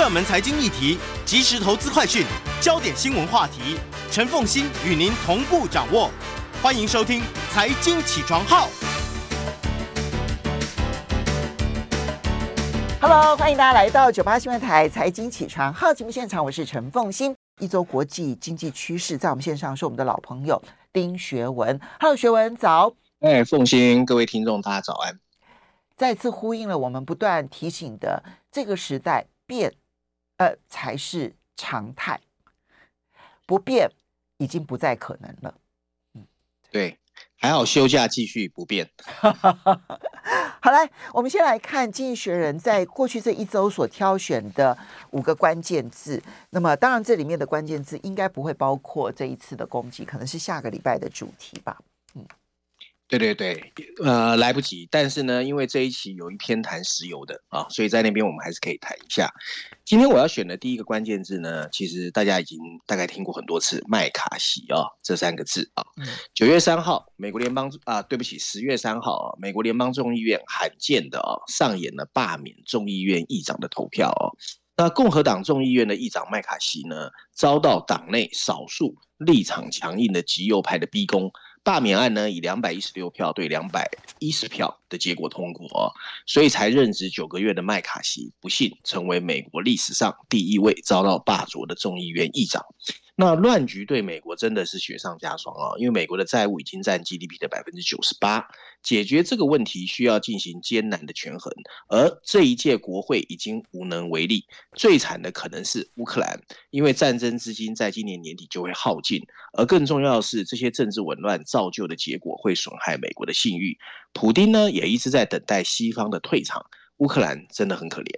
熱門財經議題、及時投資快訊、焦點新聞話題，陳鳳馨與您同步掌握。歡迎收聽《財經起床號》。Hello，歡迎大家來到九八新聞台《財經起床號》節目現場，我是陳鳳馨。一周國際經濟趨勢，在我們線上是我們的老朋友丁學文。Hello，學文早。哎、欸，鳳馨，各位聽眾，大家早安。再次呼應了我們不斷提醒的這個時代變。呃，才是常態。不變已經不再可能了。嗯，對，對，還好休假繼續不變。 好來，我們先來看《經濟學人》在過去這一周所挑選的五個關鍵字。那麼，當然這裡面的關鍵字應該不會包括這一次的攻擊，可能是下個禮拜的主題吧。嗯。對對對，呃，來不及。但是呢，因為這一期有一篇談石油的啊，所以在那邊我們還是可以談一下。今天我要選的第一個關鍵字呢，其實大家已經大概聽過很多次“麥卡錫哦”啊，這三個字啊。九月三號，美國聯邦啊，對不起，十月三號，美國聯邦眾議院罕見的哦上演了罷免眾議院議長的投票哦。那，啊，共和黨眾議院的議長麥卡錫呢，遭到黨內少數立場強硬的極右派的逼宮。罷免案呢，以兩百一十六票對兩百一十票的結果通過哦，所以才任職九個月的麥卡錫，不幸成為美國歷史上第一位遭到罷黜的眾議院議長。那亂局對美國真的是雪上加霜啊、哦！因為美國的債務已經占 GDP 的百分之九十八，解決這個問題需要進行艱難的權衡，而這一屆國會已經無能為力。最慘的可能是烏克蘭，因為戰爭資金在今年年底就會耗盡，而更重要的是，這些政治紊亂造就的結果會損害美國的信譽。普丁呢，也一直在等待西方的退場。烏克蘭真的很可憐。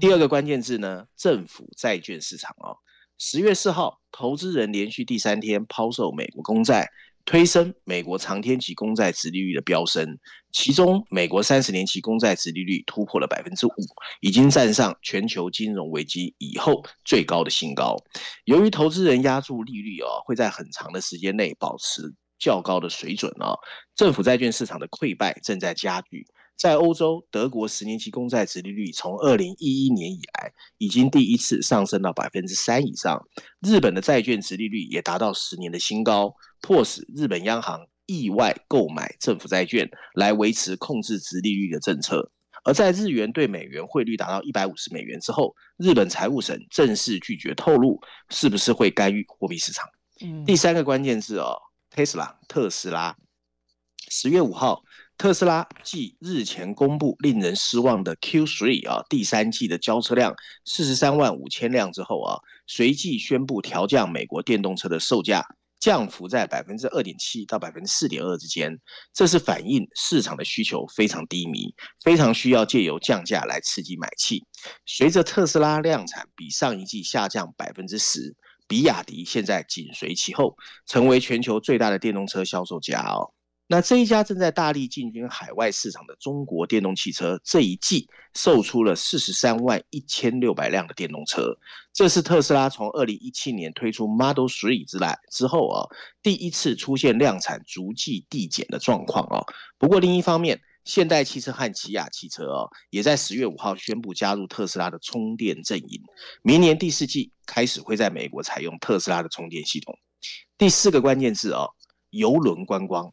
第二個關鍵字呢，政府債券市場哦。十月四號，投資人連續第三天拋售美國公債，推升美國長天期公債殖利率的飆升。其中，美國三十年期公債殖利率突破了百分之五，已經站上全球金融危機以後最高的新高。由於投資人押注利率哦啊，會在很長的時間內保持較高的水準啊，政府債券市場的潰敗正在加劇。在歐洲，德國十年期公債殖利率從二零一一年以來，已經第一次上升到百分之三以上。日本的債券殖利率也達到十年的新高，迫使日本央行意外購買政府債券來維持控制殖利率的政策。而在日元對美元匯率達到一百五十美元之後，日本財務省正式拒絕透露是不是會干預貨幣市場。嗯、第三個關鍵字哦，特斯拉，特斯拉，十月五號。特斯拉繼日前公布令人失望的 Q3 啊，第三季的交車量四十三萬五千輛之後啊，隨即宣布調降美國電動車的售價，降幅在百分之二點七到百分之四點二之間。這是反映市場的需求非常低迷，非常需要借由降價來刺激買氣。隨着特斯拉量產比上一季下降百分之十，比亞迪現在緊隨其後，成為全球最大的電動車銷售家哦。那這一家正在大力進軍海外市場的中國電動汽車，這一季售出了四十三萬一千六百輛的電動車，這是特斯拉從二零一七年推出 Model Three 之來之後啊、哦，第一次出現量產逐季遞減的狀況啊。不過另一方面，現代汽車和起亞汽車哦，也在十月五號宣布加入特斯拉的充電陣營，明年第四季開始會在美國採用特斯拉的充電系統。第四個關鍵字哦，郵輪觀光。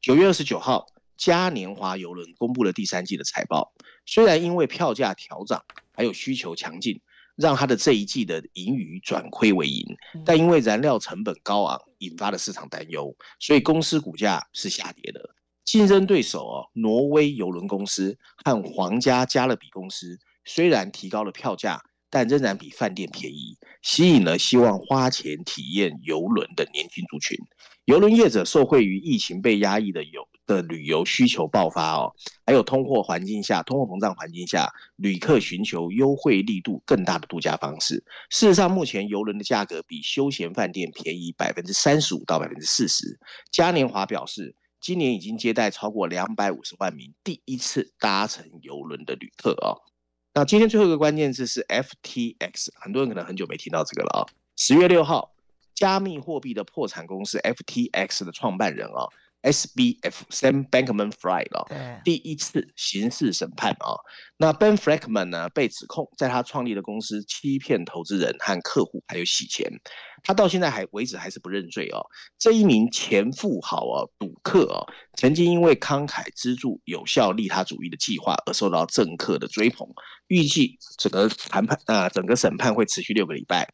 九月二十九號，嘉年華郵輪公布了第三季的財報。雖然因為票價調漲還有需求強勁，讓他的這一季的盈餘轉虧為盈，但因為燃料成本高昂引發了市場擔憂，所以公司股價是下跌的。競爭對手哦、啊，挪威郵輪公司和皇家加勒比公司雖然提高了票價，但仍然比飯店便宜，吸引了希望花錢體驗郵輪的年輕族群。郵輪業者受惠於疫情被壓抑的遊的旅遊需求爆發哦，還有通貨環境下、通貨膨脹環境下，旅客尋求優惠力度更大的度假方式。事實上，目前郵輪的價格比休閒飯店便宜百分之三十五到百分之四十。嘉年華表示，今年已經接待超過兩百五十萬名第一次搭乘郵輪的旅客哦。那今天最後一個關鍵字是 FTX，很多人可能很久沒聽到這個了啊。十月六號。加密貨幣的破產公司 FTX 的創辦人哦 SBF Sam Bankman-Fried 哦，第一次刑事審判哦。那 Ben Frankman 呢，被指控在他創立的公司欺騙投資人和客戶，還有洗錢，他到現在還為止還是不認罪哦。這一名前富豪哦，賭客哦，曾經因為慷慨資助有效利他主義的計劃而受到政客的追捧，預計整個談判啊，整個審判會持續六個禮拜。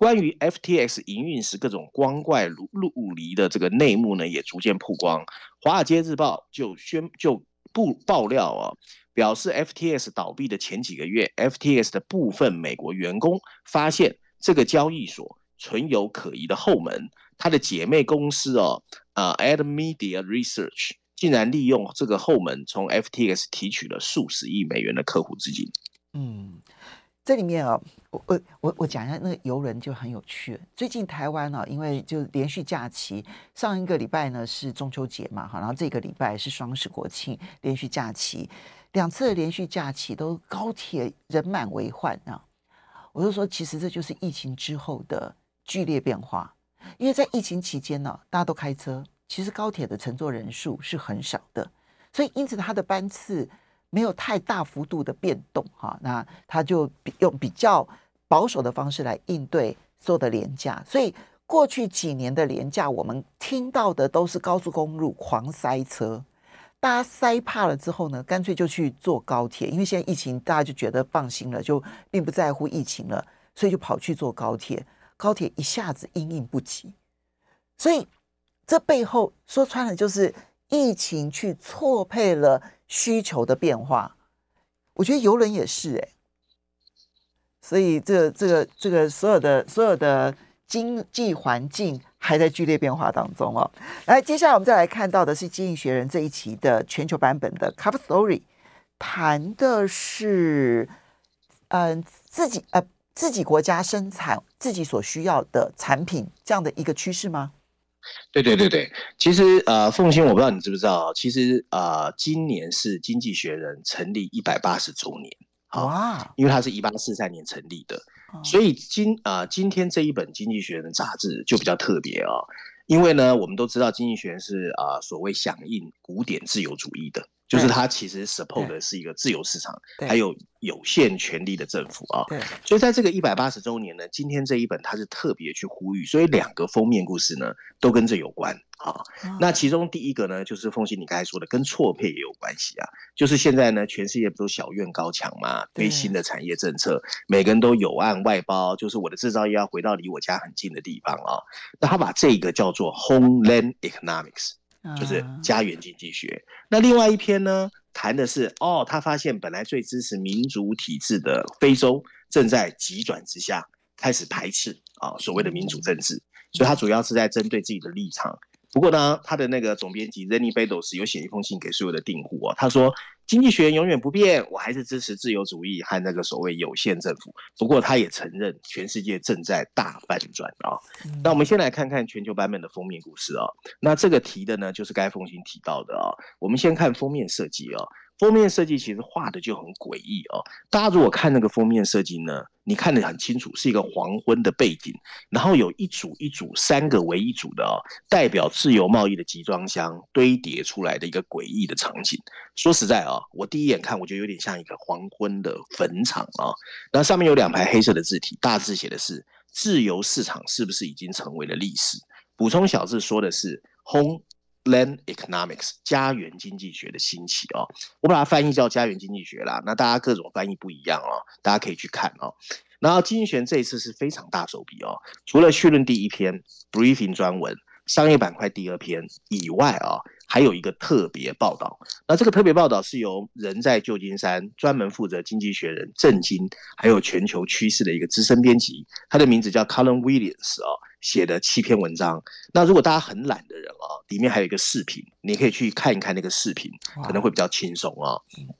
關於 FTX 營運時各種光怪陸陸離的這個內幕呢，也逐漸曝光。華爾街日報就宣就不爆料啊、哦，表示 FTX 倒閉的前幾個月，FTX 的部分美國員工發現這個交易所存有可疑的後門。他的姐妹公司哦，呃，Alameda Research 竟然利用這個後門從 FTX 提取了數十億美元的客戶資金。嗯。這裡面啊、哦，我我我我講一下那個遊人，就很有趣。最近台灣呢、啊，因為就連續假期，上一個禮拜呢是中秋節嘛，哈，然後這個禮拜是雙十國慶，連續假期，兩次連續假期都高鐵人滿為患呢、啊。我就說，其實這就是疫情之後的劇烈變化，因為在疫情期間呢、啊，大家都開車，其實高鐵的乘坐人數是很少的，所以因此它的班次沒有太大幅度的變動哈，那他就比用比較保守的方式來應對，做的連假。所以過去幾年的連假，我們聽到的都是高速公路狂塞車，大家塞怕了之後呢，乾脆就去坐高鐵。因為現在疫情，大家就覺得放心了，就並不在乎疫情了，所以就跑去坐高鐵。高鐵一下子因應不及，所以這背後說穿了就是疫情去錯配了。需求的變化，我覺得遊輪也是誒、欸。所以這個、這個、這個，所有的、所有的經濟環境還在劇烈變化當中哦、喔。來，接下來我們再來看到的是《經濟學人》這一期的全球版本的 “Cover Story”，談的是嗯、呃、自己呃自己國家生產自己所需要的產品這樣的一個趨勢嗎？對對對對，對對對其實呃，鳳馨，我不知道你知不知道，其實呃，今年是《經濟學人》成立一百八十周年啊，哦、哇因為它是一八四三年成立的，哦、所以今呃今天這一本《經濟學人》雜誌就比較特別哦，因為呢，我們都知道《經濟學人》是、呃、啊所謂響應古典自由主義的。就是它其實 support 的是一個自由市場，還有有限權力的政府啊。所以在這個一百八十周年呢，今天這一本它是特別去呼籲，所以兩個封面故事呢都跟這有關啊。哦、那其中第一個呢，就是鳳馨你剛才說的，跟錯配也有關係啊。就是現在呢，全世界不都小院高牆嘛？對新的產業政策，對 每個人都友岸外包，就是我的製造業要回到離我家很近的地方啊。那他把這個叫做 homeland economics。就是家園經濟學。嗯、那另外一篇呢，談的是哦，他發現本來最支持民主體制的非洲正在急轉直下，開始排斥啊、哦、所謂的民主政治。所以，他主要是在針對自己的立場。不過呢，他的那個總編輯 Zanny Beddoes 是有寫一封信給所有的訂戶哦，他說。經濟學人永遠不變，我還是支持自由主義和那個所謂有限政府。不過他也承認，全世界正在大反轉啊、哦。嗯、那我們先來看看全球版本的封面故事啊。那這個提的呢，就是剛才鳳馨提到的啊、哦。我們先看封面設計啊、哦。封面設計其實畫的就很詭異啊、哦。大家如果看那個封面設計呢，你看得很清楚，是一個黃昏的背景，然後有一組一組三個為一組的啊、哦，代表自由貿易的集裝箱堆疊出來的一個詭異的場景。說實在啊、哦。我第一眼看，我就有點像一個黃昏的墳場啊、哦。然後上面有兩排黑色的字體，大字寫的是“自由市場是不是已經成為了歷史？”補充小字說的是 “Homeland Economics” 家園經濟學的興起、哦、我把它翻譯叫家園經濟學啦。那大家各種翻譯不一樣哦，大家可以去看哦。然後經濟學人這一次是非常大手筆哦，除了序論第一篇 briefing 專文商業板塊第二篇以外、哦還有一個特別報道，那這個特別報道是由人在舊金山專門負責《經濟學人》政經還有全球趨勢的一個資深編輯，他的名字叫 Colin Williams 啊寫的七篇文章。那如果大家很懶的人啊，裡面還有一個視頻，你可以去看一看那個視頻，可能會比較輕鬆啊。Wow.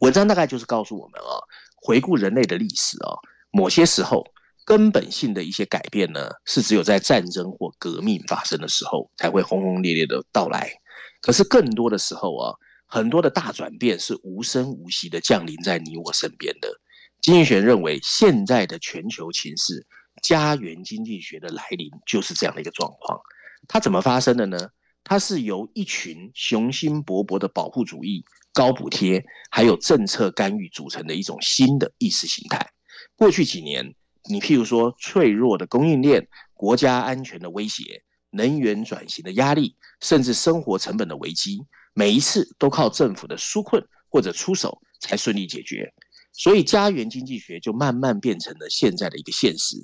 文章大概就是告訴我們啊，回顧人類的歷史啊，某些時候根本性的一些改變呢，是只有在戰爭或革命發生的時候才會轟轟烈烈的到來。可是更多的時候啊，很多的大轉變是無聲無息地降臨在你我身邊的。經濟學人認為，現在的全球情勢、家園經濟學的來臨，就是這樣的一個狀況。它怎麼發生的呢？它是由一群雄心勃勃的保護主義、高補貼還有政策干預組成的一種新的意識形態。過去幾年，你譬如說脆弱的供應鏈、國家安全的威脅。能源轉型的壓力，甚至生活成本的危機，每一次都靠政府的紓困或者出手才順利解決。所以家園經濟學就慢慢變成了現在的一個現實，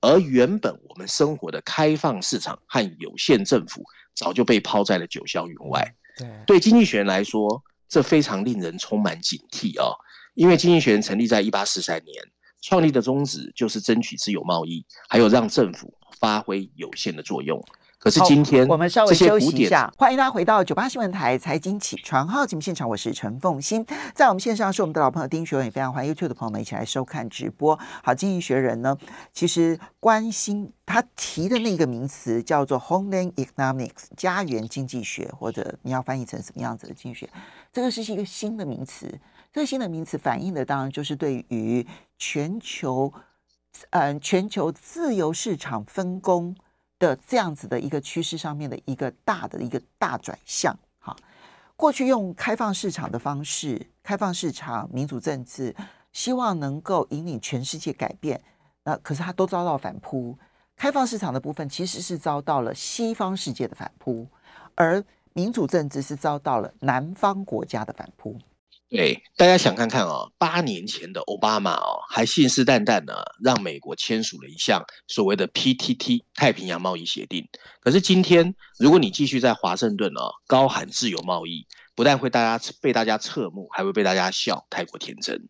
而原本我們生活的開放市場和有限政府早就被拋在了九霄雲外。嗯。對，對經濟學人來說，這非常令人充滿警惕哦。因為經濟學人成立在一八四三年，創立的宗旨就是爭取自由貿易，還有讓政府發揮有限的作用。可是今天，oh, 我們稍微休息一下。歡迎大家回到九八新聞台財經起床號節目 現場，我是陳鳳馨。在我們線上是我們的老朋友丁學文，也非常歡迎 YouTube 的朋友們一起來收看直播。好，經濟學人呢，其實關心他提的那個名詞叫做 “homeland economics” 家園經濟學，或者你要翻譯成什麼樣子的經濟學，這個是一個新的名詞。這個新的名詞反映的當然就是對於全球，嗯、呃，全球自由市場分工，的這樣子的一個趨勢上面的一個大的一個大轉向哈，過去用開放市場的方式、開放市場、民主政治，希望能夠引領全世界改變，那可是它都遭到反撲。開放市場的部分其實是遭到了西方世界的反撲，而民主政治是遭到了南方國家的反撲。對，大家想看看哦。八年前的奧巴馬哦，還信誓旦旦呢讓美國簽署了一項所謂的 PTT 太平洋貿易協定。可是今天，如果你繼續在華盛頓哦高喊自由貿易，不但會大家被大家側目，還會被大家笑太過天真。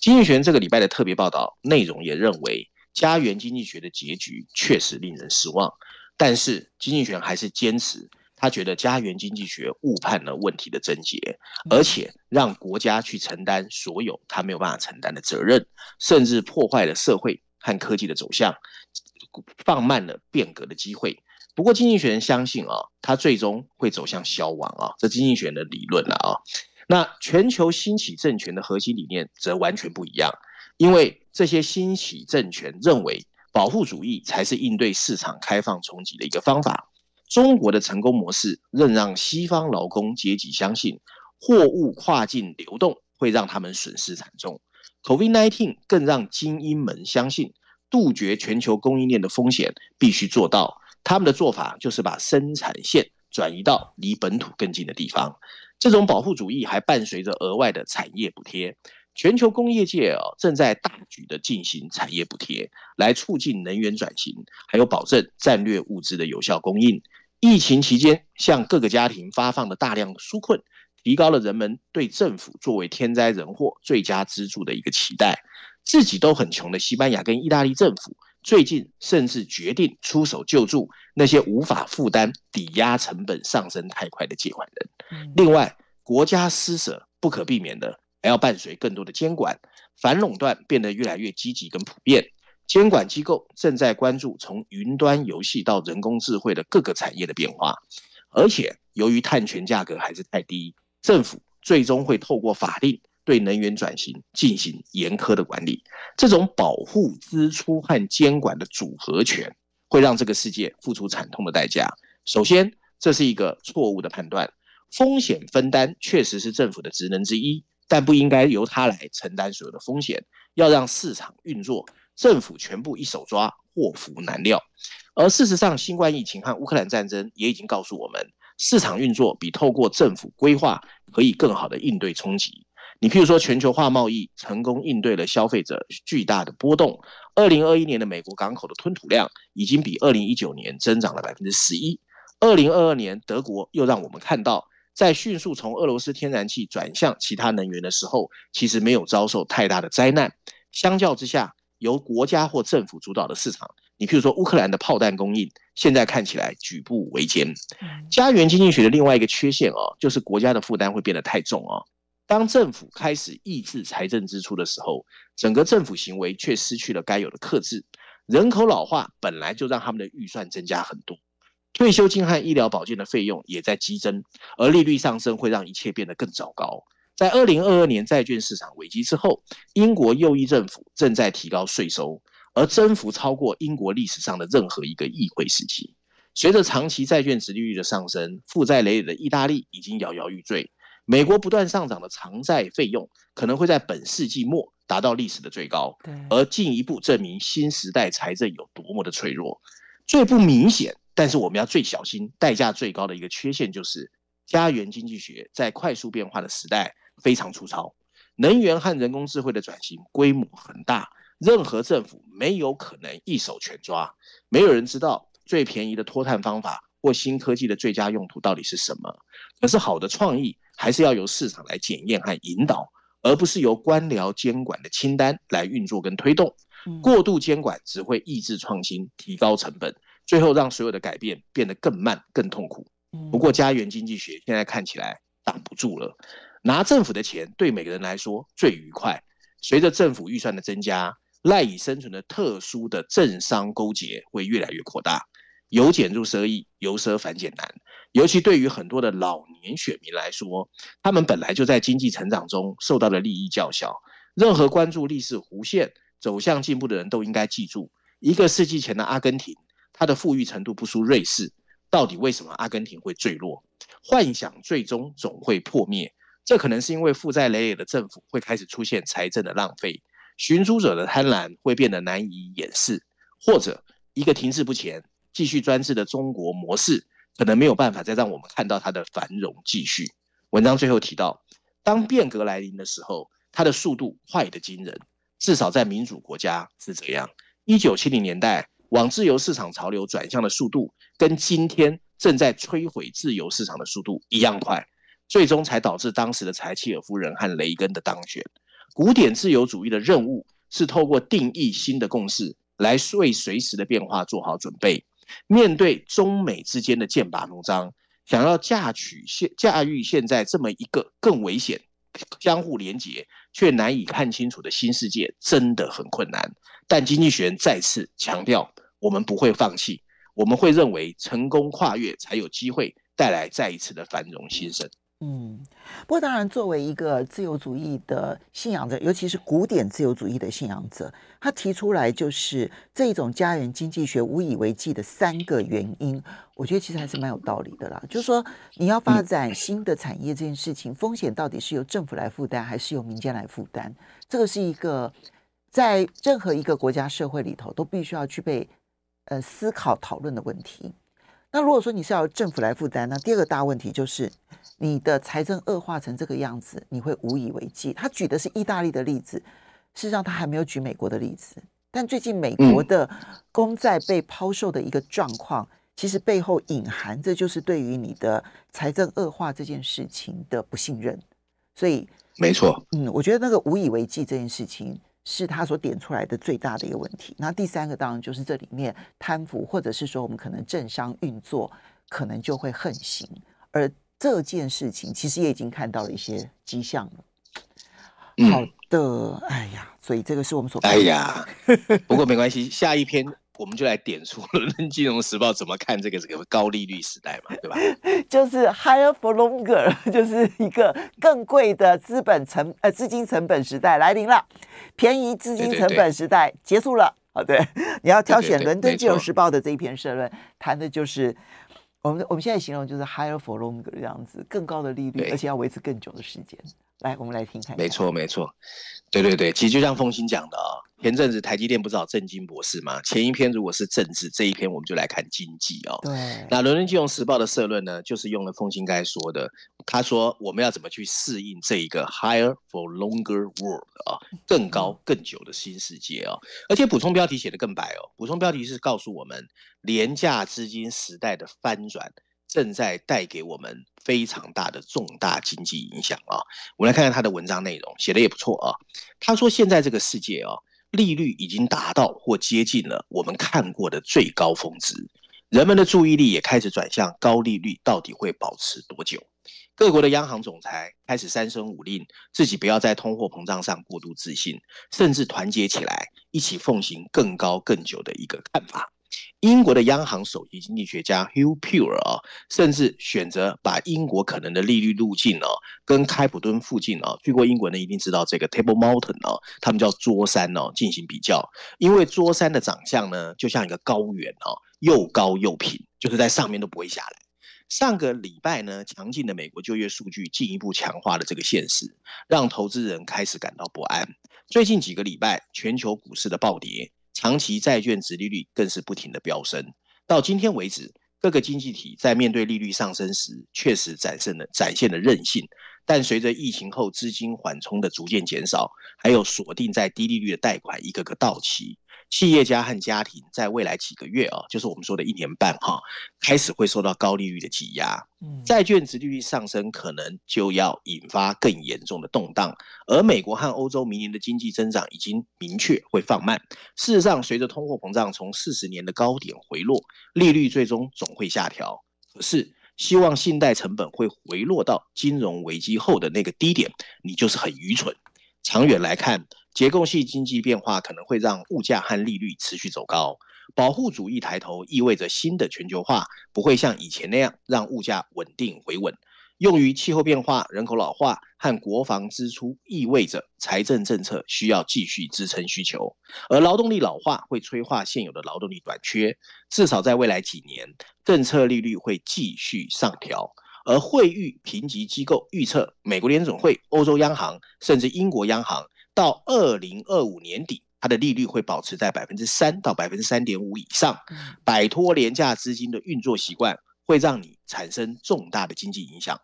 經濟學人這個禮拜的特別報道內容也認為，家園經濟學的結局確實令人失望。但是經濟學人還是堅持。他覺得家園經濟學誤判了問題的症結，而且讓國家去承擔所有他沒有辦法承擔的責任，甚至破壞了社會和科技的走向，放慢了變革的機會。不過，經濟學人相信啊、哦，他最終會走向消亡啊、哦，這經濟學人的理論了啊、哦。那全球興起政權的核心理念則完全不一樣，因為這些興起政權認為，保護主義才是應對市場開放衝擊的一個方法。中國的成功模式仍讓西方勞工階級相信，貨物跨境流動會讓他們損失慘重。COVID-19 更讓精英們相信，杜絕全球供應鏈的風險必須做到。他們的做法就是把生產線轉移到離本土更近的地方。這種保護主義還伴隨着額外的產業補貼。全球工業界、哦、正在大舉地進行產業補貼，來促進能源轉型，還有保證戰略物資的有效供應。疫情期間，向各個家庭發放的大量紓困，提高了人們對政府作為天災人禍最佳支柱的一個期待。自己都很窮的西班牙跟意大利政府，最近甚至決定出手救助那些無法負擔抵押成本上升太快的借款人。另外，國家施捨不可避免的。還要伴隨更多的監管，反壟斷變得越來越積極跟普遍，監管機構正在關注從雲端遊戲到人工智慧的各個產業的變化，而且由於碳權價格還是太低，政府最終會透過法令對能源轉型進行嚴苛的管理。這種保護支出和監管的組合拳會讓這個世界付出慘痛的代價。首先，這是一個錯誤的判斷，風險分擔確實是政府的職能之一。但不應該由他來承擔所有的風險，要讓市場運作，政府全部一手抓，禍福難料。而事實上，新冠疫情和烏克蘭戰爭也已經告訴我們，市場運作比透過政府規劃可以更好的應對衝擊。你譬如說，全球化貿易成功應對了消費者巨大的波動。二零二一年的美國港口的吞吐量已經比二零一九年增長了百分之十一。二零二二年，德國又讓我們看到。在迅速從俄羅斯天然氣轉向其他能源的時候，其實沒有遭受太大的災難。相較之下，由國家或政府主導的市場，你譬如說烏克蘭的炮彈供應，現在看起來舉步維艱。家園經濟學的另外一個缺陷哦，就是國家的負擔會變得太重哦。當政府開始抑制財政支出的時候，整個政府行為卻失去了該有的克制。人口老化本來就讓他們的預算增加很多。退休金和醫療保健的費用也在激增，而利率上升會讓一切變得更糟糕。在二零二二年債券市場危機之後，英國右翼政府正在提高稅收，而增幅超過英國歷史上的任何一個議會時期。隨着長期債券殖利率的上升，負債累累的意大利已經搖搖欲墜。美國不斷上漲的償債費用可能會在本世紀末達到歷史的最高，對而進一步證明新時代財政有多麼的脆弱。最不明顯。但是我們要最小心，代價最高的一個缺陷就是，家園經濟學在快速變化的時代非常粗糙。能源和人工智慧的轉型規模很大，任何政府沒有可能一手全抓。沒有人知道最便宜的脫碳方法或新科技的最佳用途到底是什麼。可是好的創意還是要由市場來檢驗和引導，而不是由官僚監管的清單來運作跟推動。過度監管只會抑制創新，提高成本。最後讓所有的改變變得更慢、更痛苦。嗯，不過，家園經濟學現在看起來擋不住了。拿政府的錢對每個人來說最愉快。隨着政府預算的增加，賴以生存的特殊的政商勾結會越來越擴大。由儉入奢易，由奢反儉難。尤其對於很多的老年選民來說，他們本來就在經濟成長中受到的利益較小。任何關注歷史弧線走向進步的人都應該記住，一個世紀前的阿根廷。它的富裕程度不輸瑞士，到底為什麼阿根廷會墜落？幻想最終總會破滅，這可能是因為負債累累的政府會開始出現財政的浪費，尋租者的貪婪會變得難以掩飾，或者一個停滯不前、繼續專制的中國模式，可能沒有辦法再讓我們看到它的繁榮繼續。文章最後提到，當變革來臨的時候，它的速度快得驚人，至少在民主國家是這樣。一九七零年代，往自由市場潮流轉向的速度，跟今天正在摧毀自由市場的速度一樣快，最終才導致當時的柴契爾夫人和雷根的當選。古典自由主義的任務是透過定義新的共識，來為隨時的變化做好準備。面對中美之間的劍拔弩張，想要駕馭現駕馭現在這麼一個更危險，相互連接卻難以看清楚的新世界真的很困難，但經濟學人再次強調，我們不會放棄，我們會認為成功跨越才有機會帶來再一次的繁榮新生。嗯，不過當然，作為一個自由主義的信仰者，尤其是古典自由主義的信仰者，他提出來就是這種家園經濟學無以為繼的三個原因，我覺得其實還是蠻有道理的啦。就是說，你要發展新的產業這件事情，嗯、風險到底是由政府來負擔，還是由民間來負擔？這個是一個在任何一個國家社會裡頭都必須要具備呃思考討論的問題。那如果說你是要政府來負擔呢，那第二個大問題就是你的財政惡化成這個樣子，你會無以為繼。他舉的是意大利的例子，事實上他還沒有舉美國的例子。但最近美國的公債被拋售的一個狀況，嗯、其實背後隱含着就是對於你的財政惡化這件事情的不信任。所以沒錯，嗯，我覺得那個無以為繼這件事情。是他所點出來的最大的一個問題。那第三個當然就是這裡面貪腐，或者是說我們可能政商運作可能就會橫行，而這件事情其實也已經看到了一些跡象了。好的，嗯、哎呀，所以這個是我們所……哎呀，不過沒關係，下一篇。我們就來點出《倫敦金融時報》怎麼看這個這個高利率時代嘛，對吧？就是 higher for longer，就是一個更貴的資本成呃資金成本時代來臨了，便宜資金成本時代，對對對，結束了。哦，對，你要挑選《倫敦金融時報》的這一篇社論，對對對對，談的就是沒錯。我們我們現在形容就是 higher for longer 這樣子，更高的利率，對，而且要維持更久的時間。來，我們來聽看，看。沒錯，沒錯，對對對，其實就像鳳馨講的啊、哦，前陣子台積電不是找政經博士嗎？前一篇如果是政治，這一篇我們就來看經濟哦。對。那《倫敦金融時報》的社論呢，就是用了鳳馨該說的，他說我們要怎麼去適應這一個 higher for longer world 啊、哦，更高更久的新世界啊、哦， 而且補充標題寫得更白哦，補充標題是告訴我們廉價資金時代的翻轉，正在帶給我們非常大的重大經濟影響啊！我們來看看他的文章內容，寫得也不錯啊。他說：“現在這個世界啊，利率已經達到或接近了我們看過的最高峰值，人們的注意力也開始轉向高利率到底會保持多久。各國的央行總裁開始三聲五令，自己不要在通貨膨脹上過度自信，甚至團結起來一起奉行更高、更久的一個看法。”英國的央行首席經濟學家 Huw Pill 啊、哦，甚至選擇把英國可能的利率路徑、哦、跟開普敦附近啊、哦，去過英國的一定知道這個 Table Mountain 哦，他們叫桌山哦，進行比較。因為桌山的長相呢，就像一個高原哦，又高又平，就是在上面都不會下來。上個禮拜呢，強勁的美國就業數據進一步強化了這個現實，讓投資人開始感到不安。最近幾個禮拜，全球股市的暴跌，長期債券殖利率更是不停的飆升，到今天為止，各個經濟體在面對利率上升時，確實展現了展現了韌性。但隨着疫情後資金緩衝的逐漸減少，還有鎖定在低利率的貸款一個個到期。企業家和家庭在未來幾個月啊，就是我們說的一年半哈、啊，開始會受到高利率的擠壓。債券殖利率上升，可能就要引發更嚴重的動盪。而美國和歐洲明年的經濟增長已經明確會放慢。事實上，隨着通貨膨脹從四十年的高點回落，利率最終總會下調。可是，希望信貸成本會回落到金融危機後的那個低點，你就是很愚蠢。長遠來看。結構性經濟變化可能會讓物價和利率持續走高，保護主義抬頭意味着新的全球化不會像以前那樣讓物價穩定回穩。用於氣候變化、人口老化和國防支出，意味着財政政策需要繼續支撐需求。而勞動力老化會催化現有的勞動力短缺，至少在未來幾年，政策利率會繼續上調。而惠譽評、評級機構預測，美國聯準會、歐洲央行甚至英國央行。到二零二五年底，它的利率會保持在百分之三到百分之三點五以上。擺脫廉價資金的運作習慣，會讓你產生重大的經濟影響。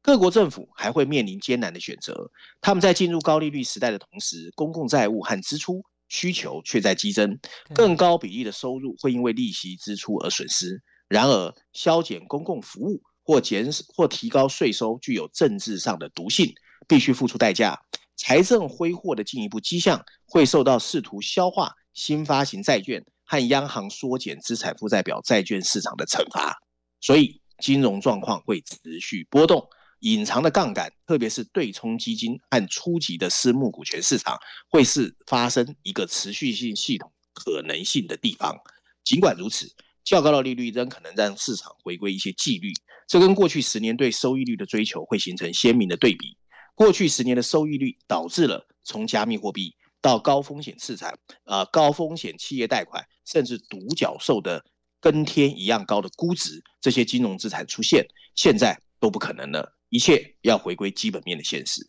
各國政府還會面臨艱難的選擇。他們在進入高利率時代的同時，公共債務和支出需求卻在激增。更高比例的收入會因為利息支出而損失。然而，削減公共服務或減少或提高稅收具有政治上的毒性，必須付出代價。財政揮霍的進一步跡象，會受到試圖消化新發行債券和央行縮減資產負債表債券市場的懲罰，所以金融狀況會持續波動。隱藏的槓桿，特別是對沖基金和初級的私募股權市場，會是發生一個持續性系統可能性的地方。儘管如此，較高的利率仍可能讓市場回歸一些紀律，這跟過去十年對收益率的追求會形成鮮明的對比。過去十年的收益率導致了從加密貨幣到高風險市場，呃，高風險企業貸款，甚至獨角獸的跟天一樣高的估值，這些金融資產出現，現在都不可能了，一切要回歸基本面的現實。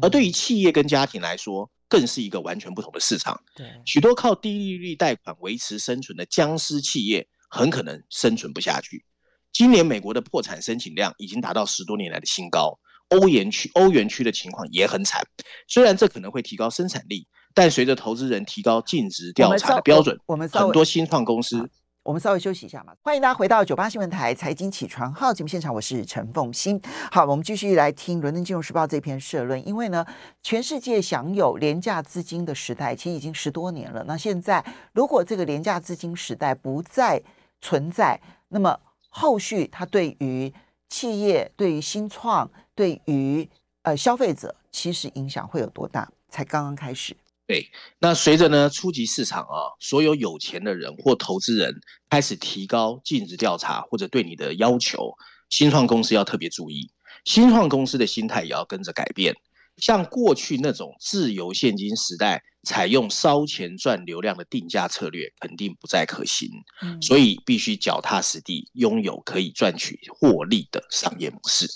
而對於企業跟家庭來說，更是一個完全不同的市場。對，許多靠低利率貸款維持生存的僵屍企業，很可能生存不下去。今年美國的破產申請量已經達到十多年來的新高。歐元區，歐元區的情況也很慘。雖然這可能會提高生產力，但隨着投資人提高盡職調查的標準，我們很多新創公司，啊、我們稍微休息一下嘛。歡迎大家回到九八新聞台財經起床號節目現場，我是陳鳳馨。好，我們繼續來聽《倫敦金融時報》這篇社論，因為呢，全世界享有廉價資金的時代其實已經十多年了。那現在如果這個廉價資金時代不再存在，那麼後續它對於企業對於新創，對於呃消費者，其實影響會有多大？才剛剛開始。對，那隨着呢初級市場啊，所有有錢的人或投資人開始提高盡職調查或者對你的要求，新創公司要特別注意，新創公司的心態也要跟着改變。像過去那種自由現金時代。採用燒錢賺流量的定價策略肯定不再可行，所以必須腳踏實地，擁有可以賺取獲利的商業模式。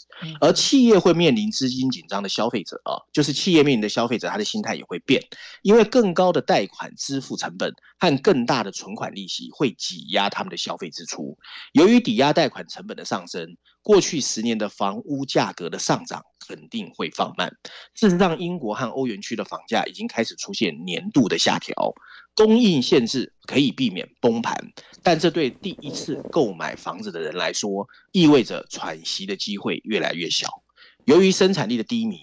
而企業會面臨資金緊張的消費者啊，就是企業面臨的消費者，他的心態也會變，因為更高的貸款支付成本和更大的存款利息會擠壓他們的消費支出。由於抵押貸款成本的上升，過去十年的房屋價格的上漲肯定會放慢。事實上，英國和歐元區的房價已經開始出現。年度的下調，供應限制可以避免崩盤，但這對第一次購買房子的人來說，意味着喘息的機會越來越小。由於生產力的低迷，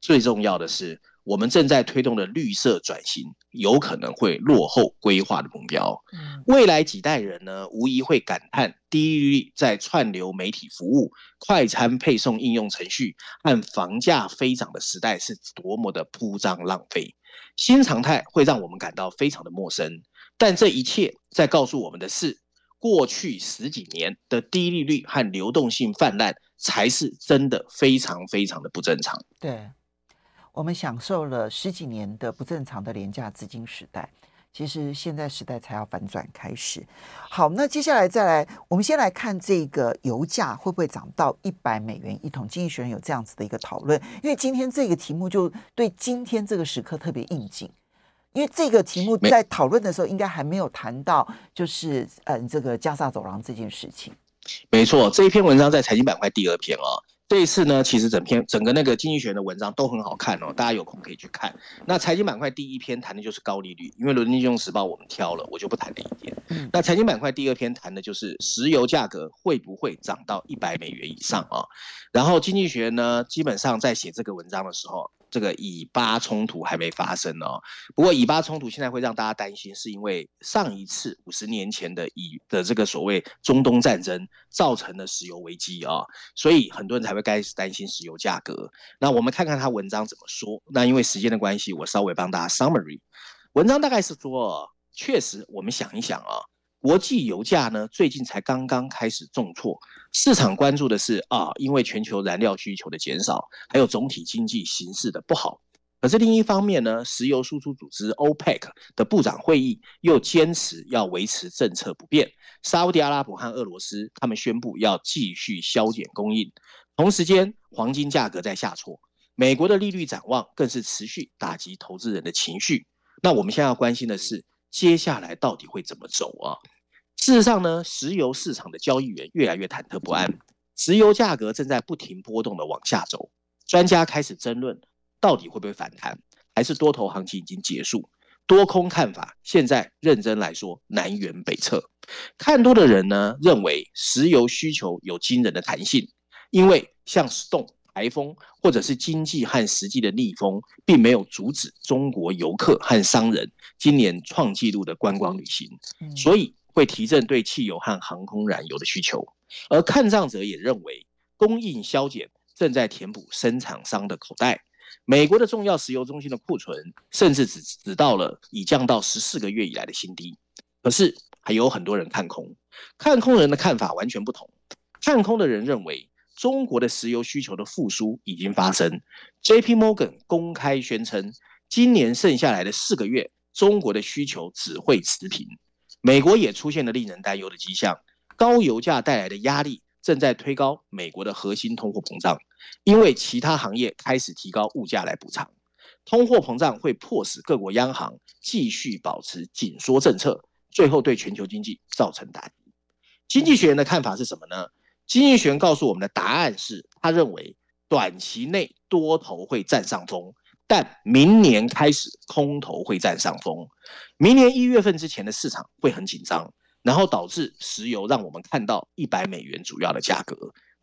最重要的是。我們正在推動的綠色轉型有可能會落後規劃的目標。未來幾代人呢，無疑會感嘆低利率在串流媒體服務、快餐配送應用程序和房價飛漲的時代是多麼的鋪張浪費。新常態會讓我們感到非常的陌生，但這一切在告訴我們的是，過去十幾年的低利率和流動性泛濫才是真的非常非常的不正常。對。我們享受了十幾年的不正常的廉價資金時代，其實現在時代才要反轉開始。好，那接下來再來，我們先來看這個油價會不會漲到一百美元一桶？經濟學人有這樣子的一個討論，因為今天這個題目就對今天這個時刻特別應景，因為這個題目在討論的時候應該還沒有談到，就是沒 嗯，這個加薩走廊這件事情。沒錯，這一篇文章在財經板塊第二篇哦。這一次呢，其實整篇整個那個經濟學人的文章都很好看哦，大家有空可以去看。那財經板塊第一篇談的就是高利率，因為《倫敦金融時報》我們挑了，我就不談第一篇。嗯、那財經板塊第二篇談的就是石油價格會不會漲到一百美元以上啊、哦？然後經濟學人呢，基本上在寫這個文章的時候，這個以巴衝突還沒發生哦。不過以巴衝突現在會讓大家擔心，是因為上一次五十年前的以的這個所謂中東戰爭造成的石油危機啊、哦，所以很多人才會。該是擔心石油價格。那我們看看他文章怎麼說。那因為時間的關係，我稍微幫大家 summary 文章。大概是說，確實，我們想一想啊，國際油價呢最近才剛剛開始重挫，市場關注的是啊，因為全球燃料需求的減少，還有總體經濟形勢的不好。可是另一方面呢，石油輸出組織 OPEC 的部長會議又堅持要維持政策不變。沙烏地阿拉伯和俄羅斯他們宣布要繼續削減供應。同時間，黃金價格在下挫，美國的利率展望更是持續打擊投資人的情緒。那我們現在要關心的是，接下來到底會怎麼走啊？事實上呢，石油市場的交易員越來越忐忑不安，石油價格正在不停波動的往下走。專家開始爭論，到底會不會反彈，還是多頭行情已經結束？多空看法，現在認真來說，南轅北轍。看多的人呢，認為石油需求有驚人的彈性。因為像凍颱風或者是經濟和實際的逆風，並沒有阻止中國遊客和商人今年創紀錄的觀光旅行，所以會提振對汽油和航空燃油的需求。而看漲者也認為，供應削減正在填補生產商的口袋。美國的重要石油中心的庫存甚至只只到了已降到十四個月以來的新低。可是還有很多人看空，看空人的看法完全不同。看空的人認為，中國的石油需求的復甦已經發生。JP Morgan 公開宣稱，今年剩下來的四個月，中國的需求只會持平。美國也出現了令人擔憂的跡象，高油價帶來的壓力正在推高美國的核心通貨膨脹，因為其他行業開始提高物價來補償。通貨膨脹會迫使各國央行繼續保持緊縮政策，最後對全球經濟造成打擊。經濟學人的看法是什麼呢？金逸泉告訴我們的答案是，他認為短期內多頭會佔上風，但明年開始空頭會佔上風。明年一月份之前的市場會很緊張，然後導致石油讓我們看到一百美元主要的價格。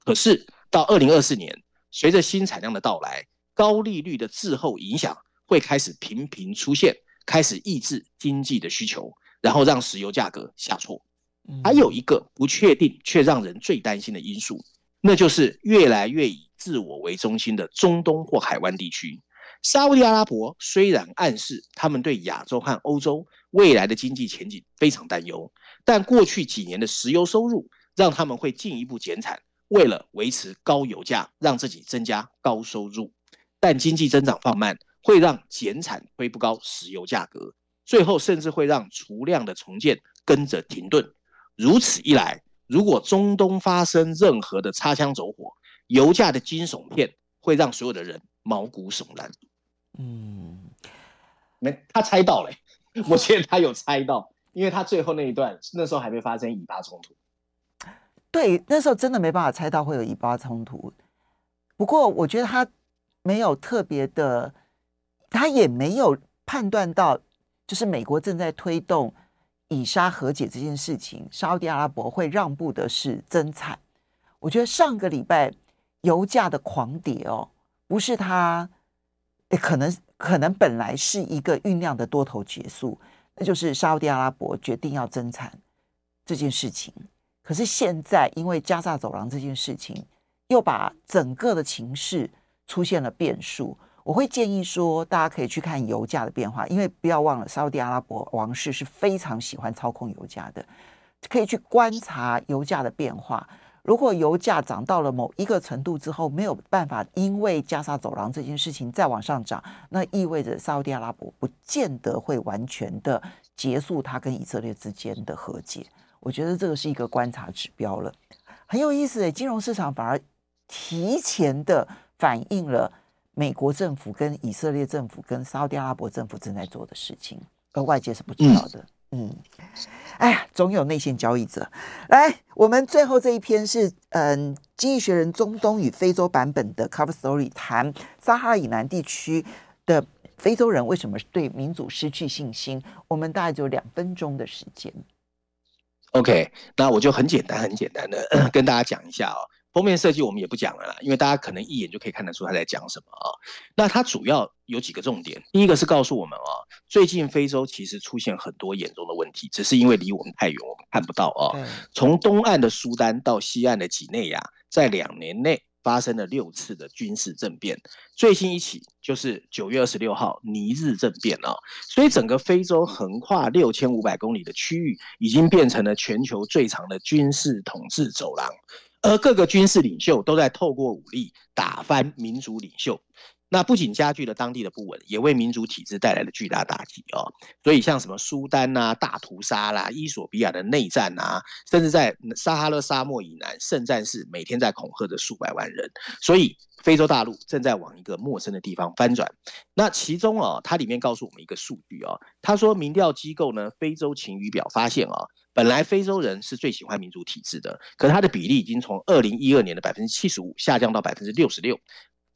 可是到二零二四年，隨着新產量的到來，高利率的滯後影響會開始頻頻出現，開始抑制經濟的需求，然後讓石油價格下挫。還有一個不確定卻讓人最擔心的因素，那就是越來越以自我為中心的中東或海灣地區。沙烏地阿拉伯雖然暗示他們對亞洲和歐洲未來的經濟前景非常擔憂，但過去幾年的石油收入讓他們會進一步減產，為了維持高油價，讓自己增加高收入。但經濟增長放慢會讓減產推不高石油價格，最後甚至會讓儲量的重建跟着停頓。如此一來，如果中東發生任何的擦槍走火，油價的驚悚片會讓所有的人毛骨悚然。嗯，沒，他猜到了欸，我覺得他有猜到， 因為他最後那一段，那時候還沒發生以巴衝突。對，那時候真的沒辦法猜到會有以巴衝突。不過，我覺得他沒有特別的，他也沒有判斷到，就是美國正在推動。以沙和解這件事情，沙烏地阿拉伯會讓步的是增產。我覺得上個禮拜油價的狂跌哦，不是它，可能可能本來是一個醞釀的多頭結束，那就是沙烏地阿拉伯決定要增產這件事情。可是現在因為加薩走廊這件事情，又把整個的情勢出現了變數。我會建議說，大家可以去看油價的變化，因為不要忘了，沙烏地阿拉伯王室是非常喜歡操控油價的。可以去觀察油價的變化。如果油價漲到了某一個程度之後，沒有辦法因為加沙走廊這件事情再往上漲，那意味着沙烏地阿拉伯不見得會完全的結束他跟以色列之間的和解。我覺得這個是一個觀察指標了，很有意思誒。金融市場反而提前的反映了。美國政府，跟以色列政府，跟沙烏地阿拉伯政府正在做的事情，而外界是不知道的。嗯，嗯，哎呀，總有內線交易者。來，我們最後這一篇是嗯，《經濟學人》中東與非洲版本的 Cover Story，談撒哈拉以南地區的非洲人為什麼對民主失去信心。我們大概只有兩分鐘的時間。OK，那我就很簡單、很簡單的、呃、跟大家講一下哦。封面設計我們也不講了啦，因為大家可能一眼就可以看得出他在講什麼啊、喔。那它主要有幾個重點，第一個是告訴我們哦、喔，最近非洲其實出現很多嚴重的問題，只是因為離我們太遠，我們看不到哦、喔。從對東岸的蘇丹到西岸的幾內亞，在兩年內發生了六次的軍事政變，最新一起就是九月二十六號尼日政變啊、喔。所以整個非洲橫跨六千五百公里的區域，已經變成了全球最長的軍事統治走廊。而各個軍事領袖都在透過武力打翻民主領袖，那不僅加劇了當地的不穩，也為民主體制帶來了巨大打擊、哦、所以像什麼蘇丹啊、大屠殺啦、啊、伊索比亞的內戰啊，甚至在撒哈拉沙漠以南，聖戰士每天在恐嚇着數百萬人。所以非洲大陸正在往一個陌生的地方翻轉。那其中哦，它裡面告訴我們一個數據哦，它說，民調機構呢，非洲晴雨表發現哦本來非洲人是最喜歡民主體制的，可是它的比例已經從二零一二年的百分之七十五下降到百分之六十六，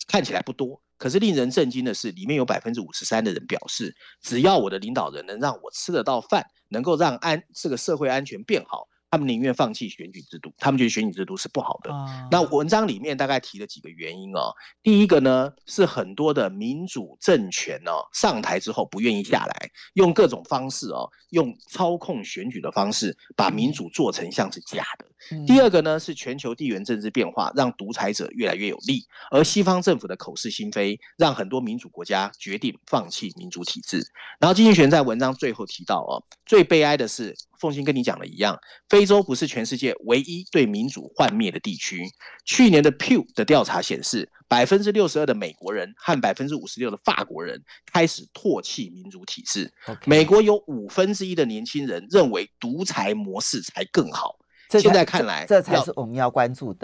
看起來不多。可是令人震驚的是，裡面有百分之五十三的人表示，只要我的領導人能讓我吃得到飯，能夠讓安，這個社會安全變好。他們寧願放棄選舉制度，他們覺得選舉制度是不好的。那文章裡面大概提了幾個原因哦。第一個呢，是很多的民主政權呢、哦、上台之後不願意下來，用各種方式哦，用操控選舉的方式把民主做成像是假的。嗯、第二個呢，是全球地緣政治變化讓獨裁者越來越有利，而西方政府的口是心非讓很多民主國家決定放棄民主體制。然後經濟學人在文章最後提到哦，最悲哀的是。重新跟你講的一樣，非洲不是全世界唯一對民主幻滅的地區。去年的 Pew 的調查顯示，百分之六十二的美國人和百分之五十六的法國人開始唾棄民主體制。Okay 美國有五分之一的年輕人認為獨裁模式才更好。才現在看來，這，這才是我們要關注的。